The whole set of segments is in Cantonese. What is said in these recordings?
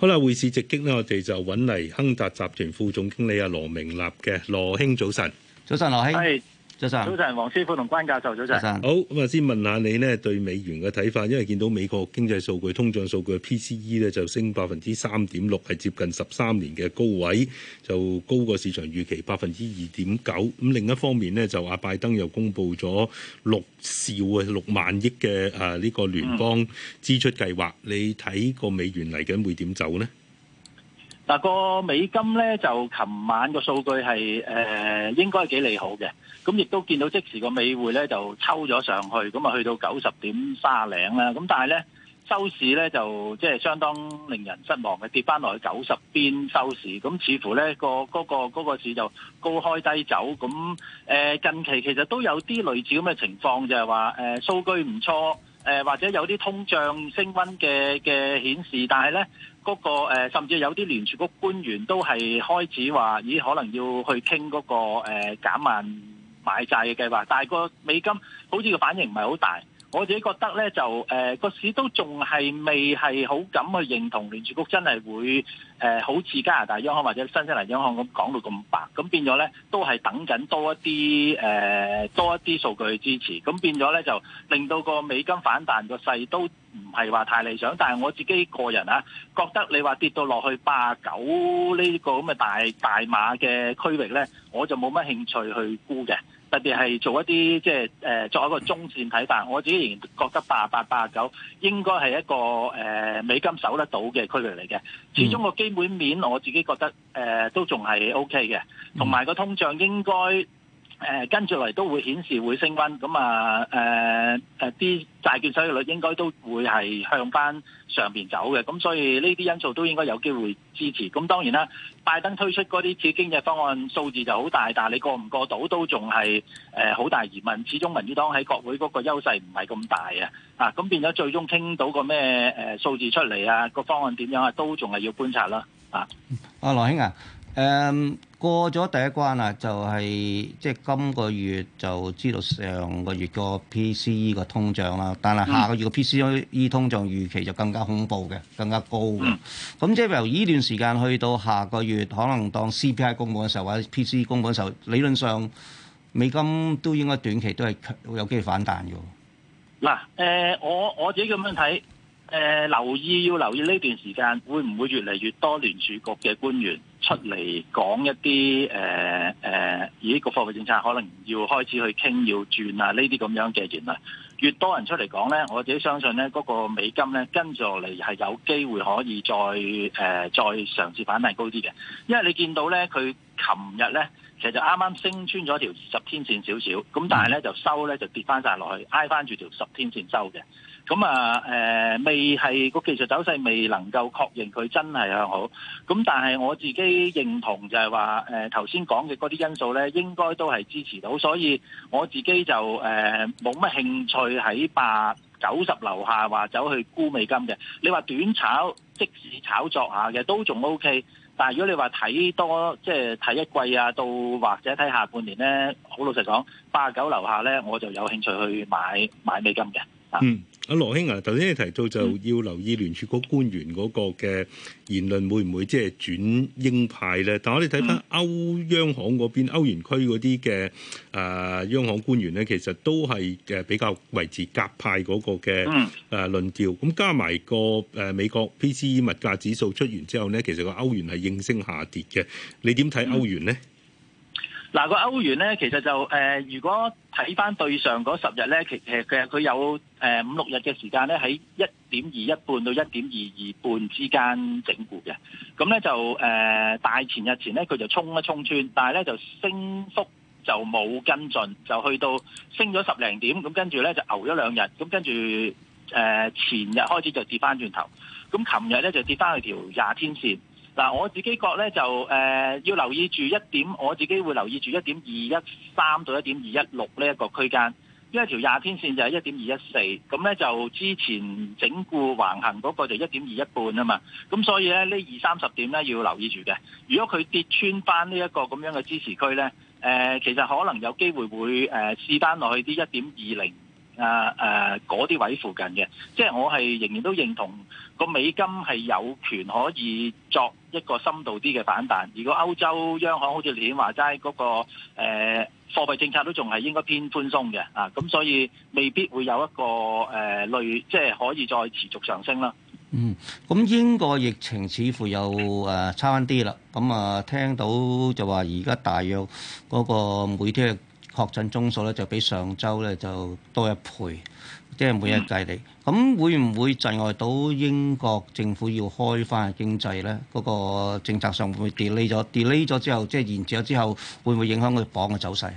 好啦，匯市直擊呢，我哋就揾嚟亨達集團副總經理啊羅明立嘅羅兄，早晨。早晨，羅兄。早晨，早晨，黃師傅同關教授，早晨。好，咁啊，先問下你咧對美元嘅睇法，因為見到美國經濟數據、通脹數據 P C E 咧就升百分之三點六，係接近十三年嘅高位，就高過市場預期百分之二點九。咁另一方面咧，就阿拜登又公布咗六兆嘅六萬億嘅啊呢個聯邦支出計劃，嗯、你睇個美元嚟緊會點走呢？嗱個美金咧就琴晚個數據係誒、呃、應該幾利好嘅，咁亦都見到即時個美匯咧就抽咗上去，咁啊去到九十點三零啦，咁但係咧收市咧就即係相當令人失望嘅，跌翻落去九十邊收市，咁似乎咧、嗰個、嗰個、嗰個市就高開低走，咁、呃、近期其實都有啲類似咁嘅情況，就係話誒數據唔錯。誒或者有啲通脹升溫嘅嘅顯示，但係咧嗰個誒甚至有啲聯儲局官員都係開始話咦，可能要去傾嗰個誒減慢買債嘅計劃，但係個美金好似個反應唔係好大。我自己覺得咧就誒個、呃、市都仲係未係好敢去認同聯儲局真係會誒、呃、好似加拿大央行或者新西蘭央行咁講到咁白，咁變咗咧都係等緊多一啲誒、呃、多一啲數據去支持，咁變咗咧就令到個美金反彈個勢都唔係話太理想，但係我自己個人啊覺得你話跌到落去八九呢個咁嘅大大碼嘅區域咧，我就冇乜興趣去沽嘅。特別係做一啲即係誒作為一個中線睇法，我自己仍然覺得八八、八九應該係一個誒、呃、美金守得到嘅區域嚟嘅。始終個基本面我自己覺得誒、呃、都仲係 OK 嘅，同埋個通脹應該。誒、呃、跟住嚟都會顯示會升溫，咁啊誒啲債券收益率應該都會係向翻上面走嘅，咁所以呢啲因素都應該有機會支持。咁當然啦，拜登推出嗰啲次經濟方案數字就好大，但你過唔過到都仲係誒好大疑問。始終民主黨喺國會嗰個優勢唔係咁大啊，啊咁、啊、變咗最終傾到個咩誒數字出嚟啊，個方案點樣啊，都仲係要觀察啦。啊，阿羅兄啊，過咗第一關啦，就係即係今個月就知道上個月個 PCE 個通脹啦，但係下個月個 PCE 通脹預期就更加恐怖嘅，更加高嘅。咁即係由呢段時間去到下個月，可能當 CPI 公佈嘅時候或者 PCE 公佈嘅時候，理論上美金都應該短期都係會有機會反彈嘅。嗱，誒我我自己咁樣睇，誒留意要留意呢段時間會唔會越嚟越多聯儲局嘅官員出嚟講一啲誒誒，以、呃、個貨幣政策可能要開始去傾要轉啊，呢啲咁樣嘅言論，越多人出嚟講咧，我自己相信咧，嗰個美金咧跟住落嚟係有機會可以再誒、呃、再嘗試反彈高啲嘅，因為你見到咧佢琴日咧其實啱啱升穿咗條二十天線少少，咁但係咧就收咧就跌翻晒落去，挨翻住條十天線收嘅。咁啊，誒、呃、未係個技術走勢未能夠確認佢真係向好。咁但係我自己認同就係話，誒頭先講嘅嗰啲因素咧，應該都係支持到。所以我自己就誒冇乜興趣喺八九十樓下話走去沽美金嘅。你話短炒，即使炒作下嘅都仲 O K。但係如果你話睇多，即係睇一季啊，到或者睇下半年咧，好老實講，八九樓下咧，我就有興趣去買買美金嘅。啊、嗯。阿羅兄啊，頭先你提到就要留意聯儲局官員嗰個嘅言論會唔會即係轉鷹派咧？但係我哋睇翻歐央行嗰邊歐元區嗰啲嘅啊央行官員咧，其實都係嘅比較維持鴿派嗰個嘅誒論調。咁、呃嗯啊、加埋個誒美國 PCE 物價指數出完之後咧，其實個歐元係應聲下跌嘅。你點睇歐元咧？嗱，個歐元咧，其實就誒、呃，如果睇翻對上嗰十日咧，其其實佢有誒、呃、五六日嘅時間咧，喺一點二一半到一點二二半之間整固嘅。咁咧就誒、呃、大前日前咧，佢就衝一衝穿，但係咧就升幅就冇跟進，就去到升咗十零點，咁跟住咧就牛咗兩日，咁跟住誒前日開始就跌翻轉頭，咁琴日咧就跌翻去條廿天線。嗱，我自己覺咧就誒、呃、要留意住一點，我自己會留意住一點二一三到一點二一六呢一個區間，因為條廿天線就係一點二一四，咁咧就之前整固橫行嗰個就一點二一半啊嘛，咁所以咧呢二三十點咧要留意住嘅，如果佢跌穿翻呢一個咁樣嘅支持區咧，誒、呃、其實可能有機會會誒試翻落去啲一點二零。啊誒嗰啲位附近嘅，即係我係仍然都認同、那個美金係有權可以作一個深度啲嘅反彈。如果歐洲央行好似你話齋嗰個誒、啊、貨幣政策都仲係應該偏寬鬆嘅啊，咁所以未必會有一個誒、啊、類，即係可以再持續上升啦。嗯，咁英國疫情似乎又誒、啊、差翻啲啦。咁啊，聽到就話而家大約嗰個每天。確診宗數咧就比上週咧就多一倍，即係每日計嚟。咁會唔會阻礙到英國政府要開翻嘅經濟咧？嗰個政策上會唔會 delay 咗，delay 咗之後即係延遲咗之後，會唔會影響佢鎊嘅走勢？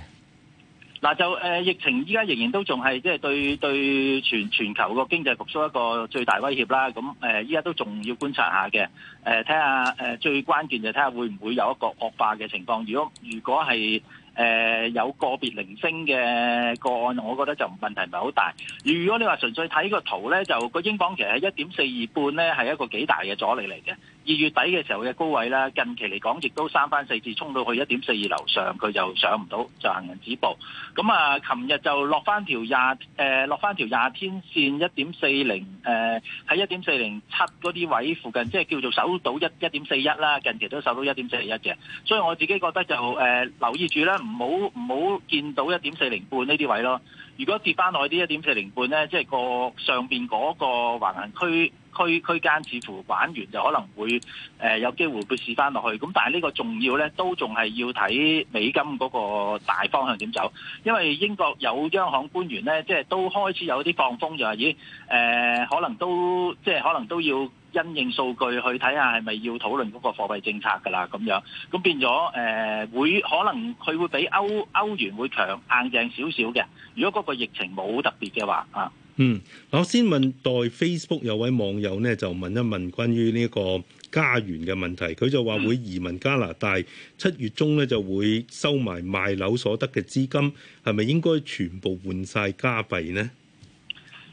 嗱，就誒疫情依家仍然都仲係即係對對全全球個經濟復甦一個最大威脅啦。咁誒依家都仲要觀察下嘅，誒睇下誒最關鍵就睇下會唔會有一個惡化嘅情況。如果如果係誒、呃、有個別零星嘅個案，我覺得就問題唔係好大。如果你話純粹睇個圖咧，就、嗰個英鎊其實係一點四二半咧，係一個幾大嘅阻力嚟嘅。二月底嘅時候嘅高位啦，近期嚟講亦都三番四次衝到去一點四二樓上，佢就上唔到，就行人止步。咁、嗯、啊，琴日就落翻條廿誒落翻條廿天線一點四零誒，喺一點四零七嗰啲位附近，即係叫做守到一一點四一啦。近期都守到一點四一嘅，所以我自己覺得就誒、呃、留意住啦，唔好唔好見到一點四零半呢啲位咯。如果跌翻落啲一點四零半咧，即係個上面嗰個橫行區。區區間似乎玩完就可能會、呃、有機會會試翻落去，咁但係呢個重要咧都仲係要睇美金嗰個大方向點走，因為英國有央行官員咧，即係都開始有啲放風、就係，就話咦、呃、可能都即係可能都要因應數據去睇下係咪要討論嗰個貨幣政策㗎啦咁樣，咁變咗誒、呃、會可能佢會比歐歐元會強硬淨少少嘅，如果嗰個疫情冇特別嘅話啊。嗯，嗱，我先問代 Facebook 有位網友呢，就問一問關於呢個加元嘅問題。佢就話會移民加拿大，七月中呢就會收埋賣樓所得嘅資金，係咪應該全部換晒加幣呢？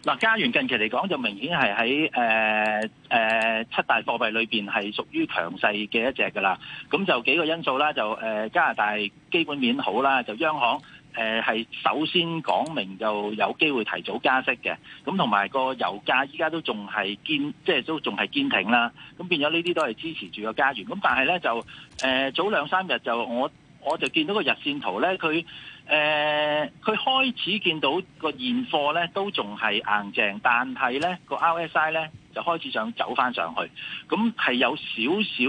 嗱，加元近期嚟講就明顯係喺呃、呃、七大貨幣裏面係屬於強勢嘅一隻噶啦。咁就幾個因素啦，就、呃、加拿大基本面好啦，就央行。誒係、呃、首先講明，就有機會提早加息嘅。咁同埋個油價依家都仲係堅，即、就、係、是、都仲係堅挺啦。咁變咗呢啲都係支持住個加元。咁但係咧就誒、呃、早兩三日就我我就見到個日線圖咧，佢誒佢開始見到個現貨咧都仲係硬淨，但係咧個 RSI 咧就開始想走翻上去，咁係有少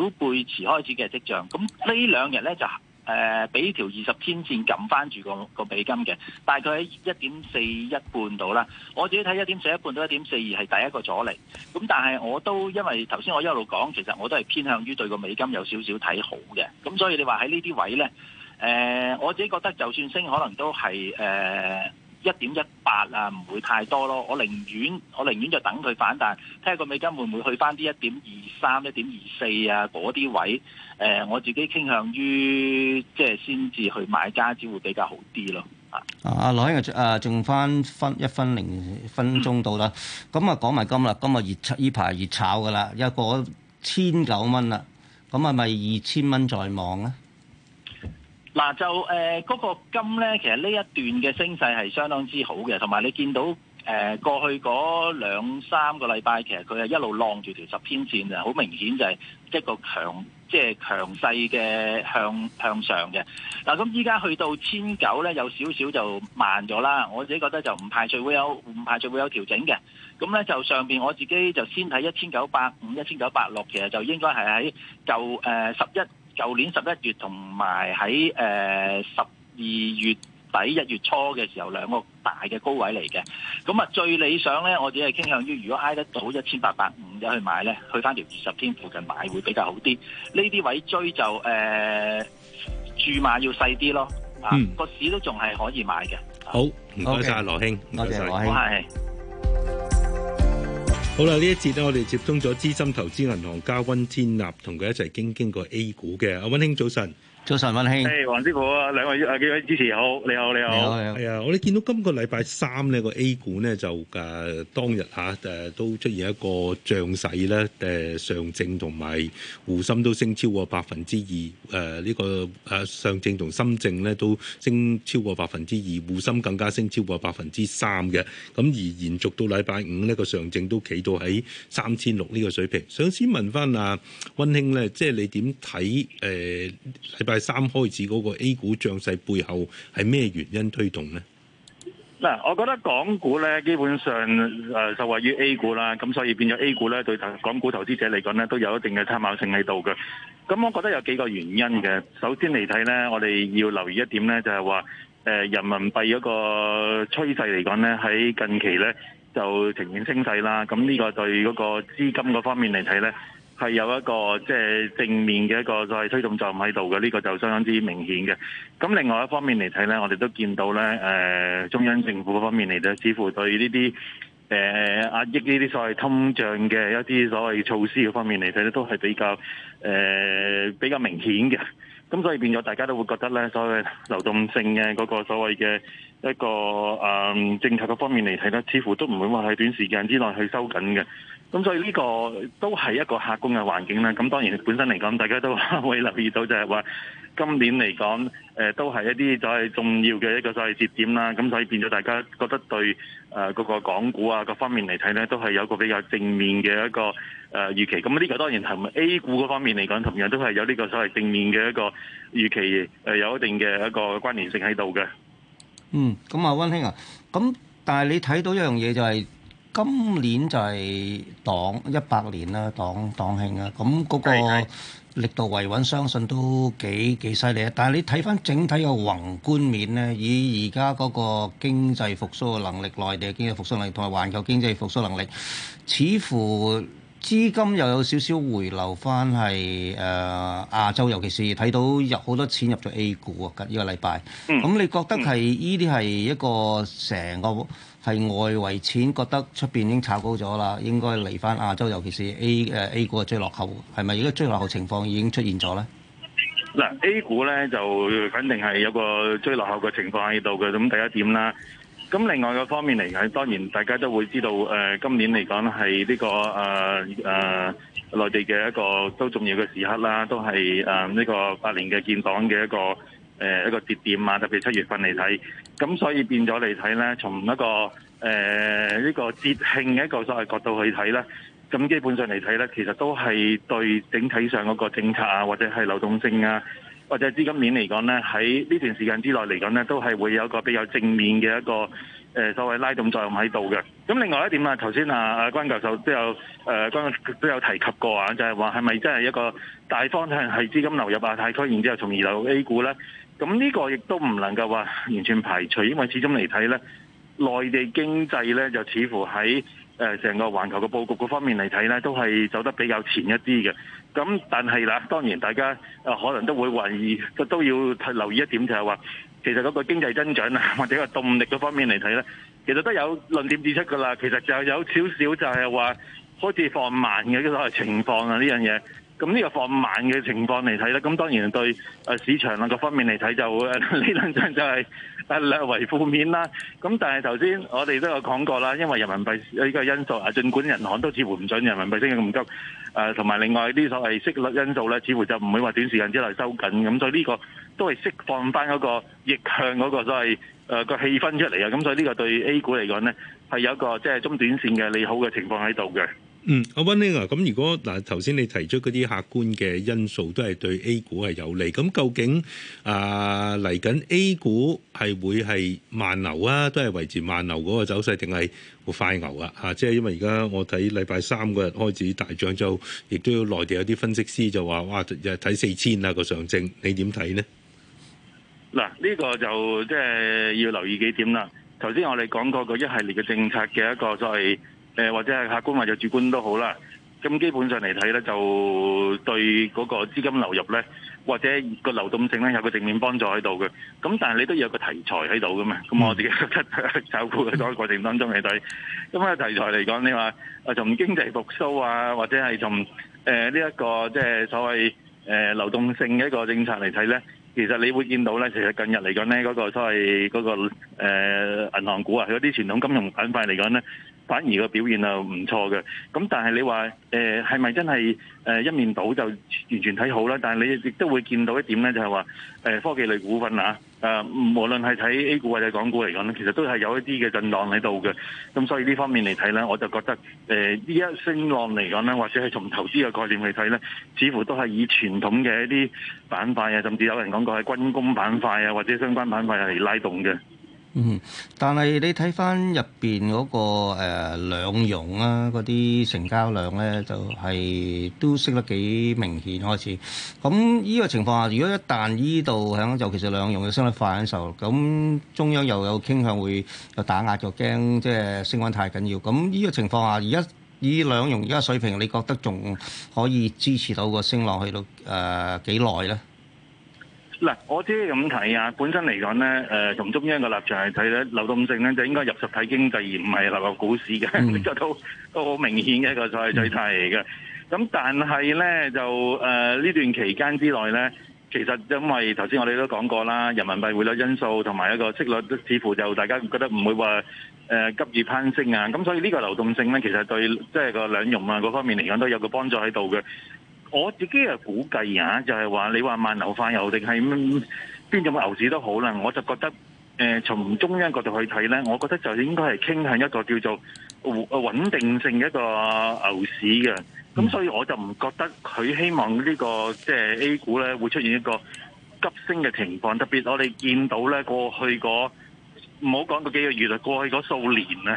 少背馳開始嘅跡象。咁呢兩日咧就。誒，俾、呃、條二十天線撳翻住個個美金嘅，大概喺一點四一半度啦。我自己睇一點四一半到一點四二係第一個阻力。咁但係我都因為頭先我一路講，其實我都係偏向於對個美金有少少睇好嘅。咁所以你話喺呢啲位呢，誒、呃，我自己覺得就算升，可能都係誒。呃一點一八啊，唔會太多咯。我寧願我寧願就等佢反彈，睇下個美金會唔會去翻啲一點二三、一點二四啊嗰啲位。誒、呃，我自己傾向於即係先至去買加紙會比較好啲咯。啊，阿羅兄啊，仲翻分一分零分鐘到啦。咁啊、嗯，講埋金啦，金啊熱出呢排熱炒㗎啦，一個千九蚊啦。咁啊，係咪二千蚊在望啊？嗱就誒嗰、呃那個金咧，其實呢一段嘅升勢係相當之好嘅，同埋你見到誒、呃、過去嗰兩三個禮拜，其實佢係一路浪住條十天線嘅。好明顯就係一個強即係、就是、強勢嘅向向上嘅。嗱咁依家去到千九咧，有少少就慢咗啦。我自己覺得就唔排除會有唔排除會有調整嘅。咁咧就上面我自己就先睇一千九百五、一千九百六，其實就應該係喺就十一。呃11，舊年十一月同埋喺誒十二月底一月初嘅時候兩個大嘅高位嚟嘅，咁啊最理想咧，我只係傾向於如果挨得到一千八百五嘅去買咧，去翻條二十天附近買會比較好啲。呢啲位追就誒注碼要細啲咯，個、嗯啊、市都仲係可以買嘅。好，唔該晒，羅兄，唔該晒羅兄。好啦，呢一節咧，我哋接通咗資深投資銀行家溫天納，同佢一齊經經過 A 股嘅。阿温兄早晨。早晨，溫兄。黃、hey, 師傅兩啊，兩位誒幾位主持好，你好，你好。係啊，我哋見到今個禮拜三呢、那個 A 股呢，就誒、啊、當日吓誒、啊、都出現一個漲勢咧，誒、啊、上證同埋滬深都升超過百分之二誒呢個誒上證同深證咧都升超過百分之二，滬深更加升超過百分之三嘅。咁而延續到禮拜五呢、那個上證都企到喺三千六呢個水平。想先問翻阿溫兄咧，即係你點睇誒？禮、呃、拜第三開始嗰個 A 股漲勢背後係咩原因推動呢？嗱，我覺得港股咧基本上誒受惠於 A 股啦，咁所以變咗 A 股咧對港股投資者嚟講咧都有一定嘅參考性喺度嘅。咁我覺得有幾個原因嘅。首先嚟睇咧，我哋要留意一點咧，就係話誒人民幣嗰個趨勢嚟講咧，喺近期咧就呈現升勢啦。咁呢個對嗰個資金嗰方面嚟睇咧，係有一個即係、就是、正面嘅一個所謂推動作用喺度嘅，呢、這個就相當之明顯嘅。咁另外一方面嚟睇呢，我哋都見到呢誒、呃、中央政府方面嚟睇，似乎對呢啲誒壓抑呢啲所謂通脹嘅一啲所謂措施嘅方面嚟睇呢都係比較誒、呃、比較明顯嘅。咁所以變咗，大家都會覺得呢所謂流動性嘅嗰個所謂嘅一個誒、呃、政策嘅方面嚟睇呢似乎都唔會話喺短時間之內去收緊嘅。咁所以呢個都係一個客觀嘅環境啦。咁當然本身嚟講，大家都會留意到就係話今年嚟講，誒、呃、都係一啲所謂重要嘅一個所謂節點啦。咁所以變咗大家覺得對誒嗰、呃、個港股啊各方面嚟睇呢，都係有個比較正面嘅一個誒預期。咁呢個當然同 A 股嗰方面嚟講，同樣都係有呢個所謂正面嘅一個預期，誒、呃、有一定嘅一個關聯性喺度嘅。嗯，咁啊，溫馨啊，咁但係你睇到一樣嘢就係、是。今年就係黨一百年啦，黨黨慶啊！咁嗰個力度維穩，相信都幾幾犀利。但係你睇翻整體嘅宏觀面咧，以而家嗰個經濟復甦嘅能力，內地嘅經濟復甦能力同埋環球經濟復甦能力，似乎資金又有少少回流翻係誒亞洲，尤其是睇到入好多錢入咗 A 股啊！近、呢、呢個禮拜，咁你覺得係呢啲係一個成個？係外圍錢覺得出邊已經炒高咗啦，應該嚟翻亞洲，尤其是 A 誒 A 股嘅最落後，係咪而家追落後情況已經出現咗咧？嗱，A 股咧就肯定係有個追落後嘅情況喺度嘅，咁第一點啦。咁另外個方面嚟講，當然大家都會知道誒、呃，今年嚟講係呢個誒誒內地嘅一個都重要嘅時刻啦，都係誒呢個八年嘅建黨嘅一個誒、呃、一個節點啊，特別七月份嚟睇。咁所以變咗嚟睇咧，從一個誒呢、呃這個節慶嘅一個所謂角度去睇咧，咁基本上嚟睇咧，其實都係對整體上嗰個政策啊，或者係流動性啊，或者資金面嚟講咧，喺呢段時間之內嚟講咧，都係會有一個比較正面嘅一個誒、呃、所謂拉動作用喺度嘅。咁另外一點啊，頭先啊啊關教授都有誒、呃、關都有提及過啊，就係話係咪真係一個大方向係資金流入亞太區，然之後從而流入 A 股咧？咁呢個亦都唔能夠話完全排除，因為始終嚟睇呢，內地經濟呢就似乎喺誒成個環球嘅佈局嗰方面嚟睇呢，都係走得比較前一啲嘅。咁但係啦，當然大家可能都會懷疑，都要留意一點就，就係話其實嗰個經濟增長啊，或者個動力嗰方面嚟睇呢，其實都有論點指出噶啦。其實就有少少就係話開始放慢嘅嗰個情況啊，呢樣嘢。咁呢個放慢嘅情況嚟睇咧，咁當然對誒市場啊各方面嚟睇就誒呢兩張就係略為負面啦。咁但係頭先我哋都有講過啦，因為人民幣呢個因素啊，儘管銀行都似乎唔準人民幣升咁急，誒同埋另外啲所謂息率因素咧，似乎就唔會話短時間之內收緊。咁所以呢個都係釋放翻嗰個逆向嗰個所謂誒個氣氛出嚟啊。咁所以呢個對 A 股嚟講咧，係有一個即係中短線嘅利好嘅情況喺度嘅。嗯，阿溫興啊，咁如果嗱，頭先你提出嗰啲客觀嘅因素都係對 A 股係有利，咁究竟啊嚟緊 A 股係會係慢牛啊，都係維持慢牛嗰個走勢，定係會快牛啊？吓，啊，即係因為而家我睇禮拜三個日開始大漲就，亦都有內地有啲分析師就話，哇，就睇四千啊個上證，你點睇呢？」嗱，呢個就即係要留意幾點啦。頭先我哋講過一個一系列嘅政策嘅一個再。誒或者係客觀或者主觀都好啦，咁基本上嚟睇咧，就對嗰個資金流入咧，或者個流動性咧，有個正面幫助喺度嘅。咁但係你都要有個題材喺度㗎嘛。咁我自己炒股嘅過程當中嚟睇，咁啊題材嚟講，你話啊從經濟復甦啊，或者係從誒呢一個即係所謂誒流動性嘅一個政策嚟睇咧，其實你會見到咧，其實近日嚟講咧，嗰個所謂嗰個誒銀行股啊，嗰啲傳統金融板塊嚟講咧。反而個表現啊唔錯嘅，咁但係你話誒係咪真係誒一面倒就完全睇好啦？但係你亦都會見到一點咧，就係話科技類股份啊，誒無論係睇 A 股或者港股嚟講咧，其實都係有一啲嘅震盪喺度嘅。咁所以呢方面嚟睇咧，我就覺得誒呢一升浪嚟講咧，或者係從投資嘅概念去睇咧，似乎都係以傳統嘅一啲板塊啊，甚至有人講過係軍工板塊啊，或者相關板塊嚟拉動嘅。嗯，但係你睇翻入面嗰、那個誒、呃、兩融啊，嗰啲成交量咧就係、是、都升得幾明顯開始。咁依個情況下，如果一旦依度響，尤其是兩融升得快嘅時候，咁中央又有傾向會又打壓，就驚即係升溫太緊要。咁依個情況下，而家以兩融而家水平，你覺得仲可以支持到個升浪去到誒幾耐咧？呃嗱，我知咁睇啊！本身嚟講咧，誒、呃，從中央嘅立場嚟睇咧，流動性咧就應該入實體經濟而唔係流入股市嘅，呢個都都好明顯嘅一個賽題嚟嘅。咁但係咧就誒呢、呃、段期間之內咧，其實因為頭先我哋都講過啦，人民幣匯率因素同埋一個息率都似乎就大家覺得唔會話誒、呃、急於攀升啊，咁所以呢個流動性咧其實對即係個兩融啊嗰方面嚟講都有個幫助喺度嘅。我自己嘅估計啊，就係、是、話你話慢牛化油定係邊種牛市都好啦，我就覺得誒從、呃、中央角度去睇呢，我覺得就應該係傾向一個叫做穩穩定性的一個牛市嘅。咁所以我就唔覺得佢希望呢、這個即係、就是、A 股呢會出現一個急升嘅情況，特別我哋見到呢過去嗰唔好講嗰幾個月啦，過去嗰數年呢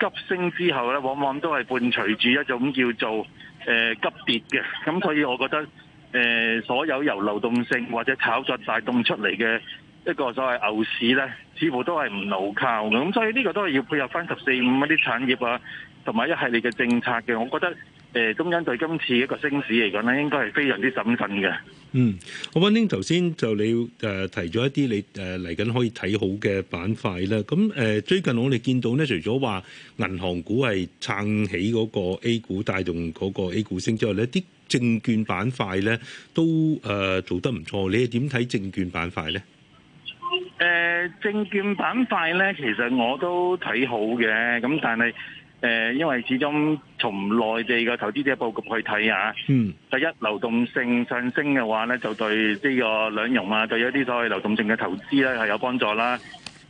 急升之後呢往往都係伴隨住一種叫做。誒、呃、急跌嘅，咁所以我覺得誒、呃、所有由流動性或者炒作帶動出嚟嘅一個所謂牛市呢，似乎都係唔牢靠嘅，咁所以呢個都係要配合翻十四五嗰啲產業啊，同埋一系列嘅政策嘅，我覺得。誒，中間對今次一個升市嚟講咧，應該係非常之審慎嘅、嗯呃呃。嗯，我溫丁頭先就你誒提咗一啲你誒嚟緊可以睇好嘅板塊啦。咁誒最近我哋見到咧，除咗話銀行股係撐起嗰個 A 股，帶動嗰個 A 股升之外，咧，啲證券板塊咧都誒、呃、做得唔錯。你係點睇證券板塊咧？誒、呃，證券板塊咧，其實我都睇好嘅。咁、嗯，但係。誒，因為始終從內地嘅投資者佈局去睇啊，第、嗯、一流動性上升嘅話咧，就對呢個兩融啊，對一啲所謂流動性嘅投資咧係有幫助啦。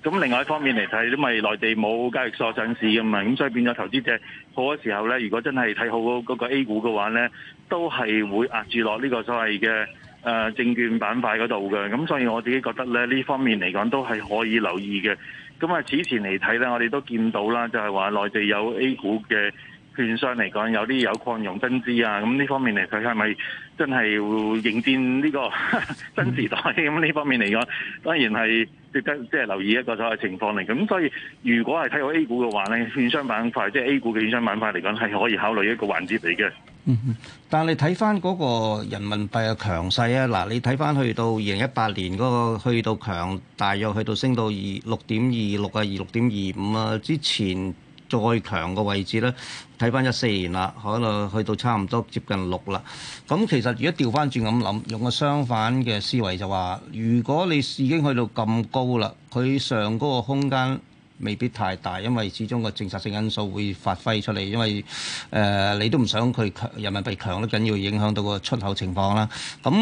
咁另外一方面嚟睇，因為內地冇交易所上市嘅嘛，咁所以變咗投資者好多時候咧，如果真係睇好嗰個 A 股嘅話咧，都係會壓住落呢個所謂嘅誒、呃、證券板塊嗰度嘅。咁所以我自己覺得咧，呢方面嚟講都係可以留意嘅。咁啊，此前嚟睇咧，我哋都見到啦，就係話內地有 A 股嘅券商嚟講，有啲有擴容增資啊，咁呢方面嚟睇，佢係咪？真係會迎戰呢、這個呵呵新時代，咁呢方面嚟講，當然係值得即係、就是、留意一個所謂情況嚟，咁所以如果係睇好 A 股嘅話咧，券商板塊即係 A 股嘅券商板塊嚟講，係可以考慮一個環節嚟嘅。嗯哼，但你睇翻嗰個人民幣嘅強勢啊，嗱，你睇翻去到二零一八年嗰個去到強，大約去到升到二六點二六啊，二六點二五啊，之前。再強個位置咧，睇翻一四年啦，可能去到差唔多接近六啦。咁其實如果調翻轉咁諗，用個相反嘅思維就話，如果你已經去到咁高啦，佢上高個空間。未必太大，因為始終個政策性因素會發揮出嚟。因為誒、呃、你都唔想佢強人民幣強得緊要，影響到個出口情況啦。咁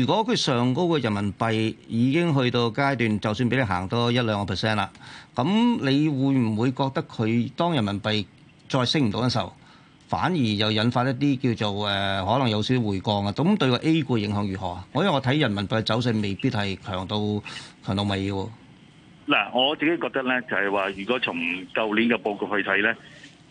如果佢上高嘅人民幣已經去到階段，就算俾你行多一兩個 percent 啦，咁你會唔會覺得佢當人民幣再升唔到嘅時候，反而又引發一啲叫做誒、呃、可能有少少回降啊？咁對個 A 股影響如何啊？我因為我睇人民幣嘅走勢未必係強到強到尾嗱，我自己覺得咧，就係話，如果從舊年嘅報告去睇咧，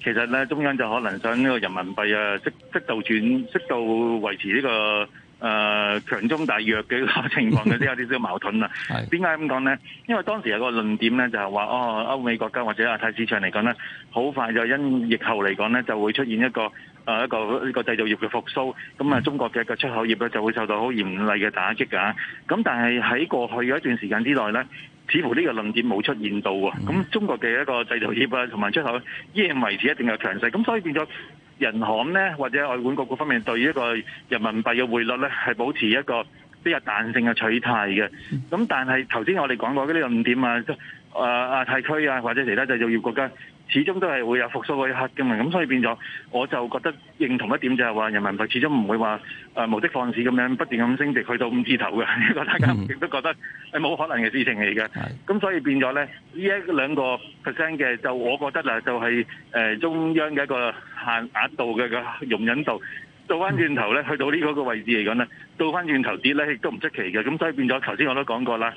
其實咧，中央就可能想呢個人民幣啊，適適度轉適度維持呢個。誒、呃、強中大弱嘅情況，嗰啲有啲少矛盾啊。點解咁講呢？因為當時有個論點呢，就係話哦，歐美國家或者亞太市場嚟講呢，好快就因疫後嚟講呢，就會出現一個誒、呃、一個呢個製造業嘅復甦。咁啊，中國嘅一個出口業咧，就會受到好嚴厲嘅打擊㗎。咁但係喺過去嘅一段時間之內呢，似乎呢個論點冇出現到喎。咁中國嘅一個製造業啊，同埋出口依然維持一定嘅強勢。咁所以變咗。人行咧，或者外管局各方面對於一個人民幣嘅匯率咧，係保持一個比較彈性嘅取態嘅。咁但係頭先我哋講過嗰啲五點啊，即係誒亞太區啊，或者其他製造業國家。始終都係會有復甦嗰一刻嘅嘛，咁所以變咗，我就覺得認同一點就係話，人民幣始終唔會話誒無的放矢咁樣不斷咁升值去到五字頭嘅，呢 個大家亦都覺得係冇可能嘅事情嚟嘅。咁、嗯、所以變咗咧，呢一兩個 percent 嘅，就我覺得啦，就係、是、誒、呃、中央嘅一個限額度嘅個容忍度，到翻轉頭咧，去到呢嗰個位置嚟講咧，到翻轉頭跌咧亦都唔出奇嘅。咁所以變咗，頭先我都講過啦，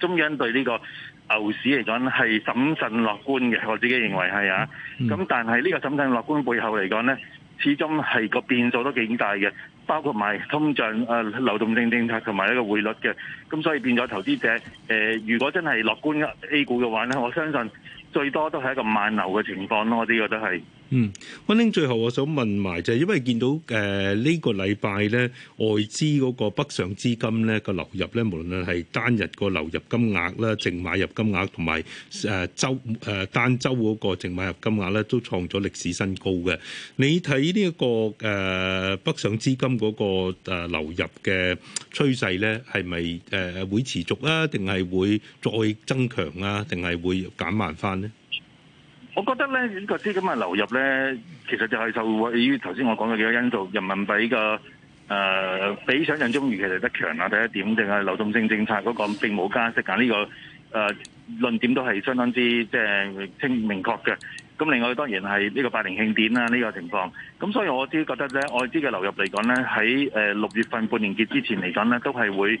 中央對呢、這個。牛市嚟講係審慎樂觀嘅，我自己認為係啊。咁但係呢個審慎樂觀背後嚟講呢，始終係個變數都幾大嘅，包括埋通脹、誒流動性政策同埋一個匯率嘅。咁所以變咗投資者誒、呃，如果真係樂觀 A 股嘅話呢，我相信最多都係一個慢牛嘅情況咯。我啲覺得係。嗯，溫丁，最後我想問埋就係，因為見到誒呢個禮拜咧，外資嗰個北上資金咧個流入咧，無論係單日個流入金額啦、淨買入金額同埋誒週誒單週嗰個淨買入金額咧，都創咗歷史新高嘅。你睇呢一個誒北上資金嗰個誒流入嘅趨勢咧，係咪誒會持續啊？定係會再增強啊？定係會減慢翻咧？我覺得呢，呢、這個資金嘅流入呢，其實就係受惠於頭先我講嘅幾個因素，人民幣嘅誒比想像中嚟其實得強啊，第一點，定係流動性政策嗰個並冇加息啊，呢、這個誒、呃、論點都係相當之即係、就是、清明確嘅。咁另外當然係呢個百年慶典啊，呢、這個情況。咁所以我自己覺得呢，外資嘅流入嚟講呢，喺誒六月份半年結之前嚟講呢，都係會，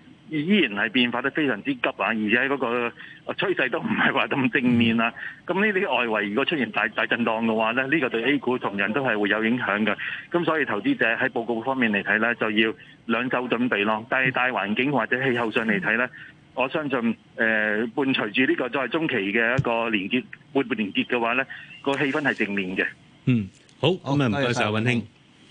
依然係變化得非常之急啊！而且嗰個趨勢都唔係話咁正面啊！咁呢啲外圍如果出現大大震盪嘅話咧，呢、呢個對 A 股同人都係會有影響嘅。咁所以投資者喺報告方面嚟睇咧，就要兩手準備咯。但係大環境或者氣候上嚟睇咧，我相信誒、呃、伴隨住呢個再中期嘅一個連結，會連結嘅話咧，個氣氛係正面嘅。嗯，好，咁唔該晒，阿韻興。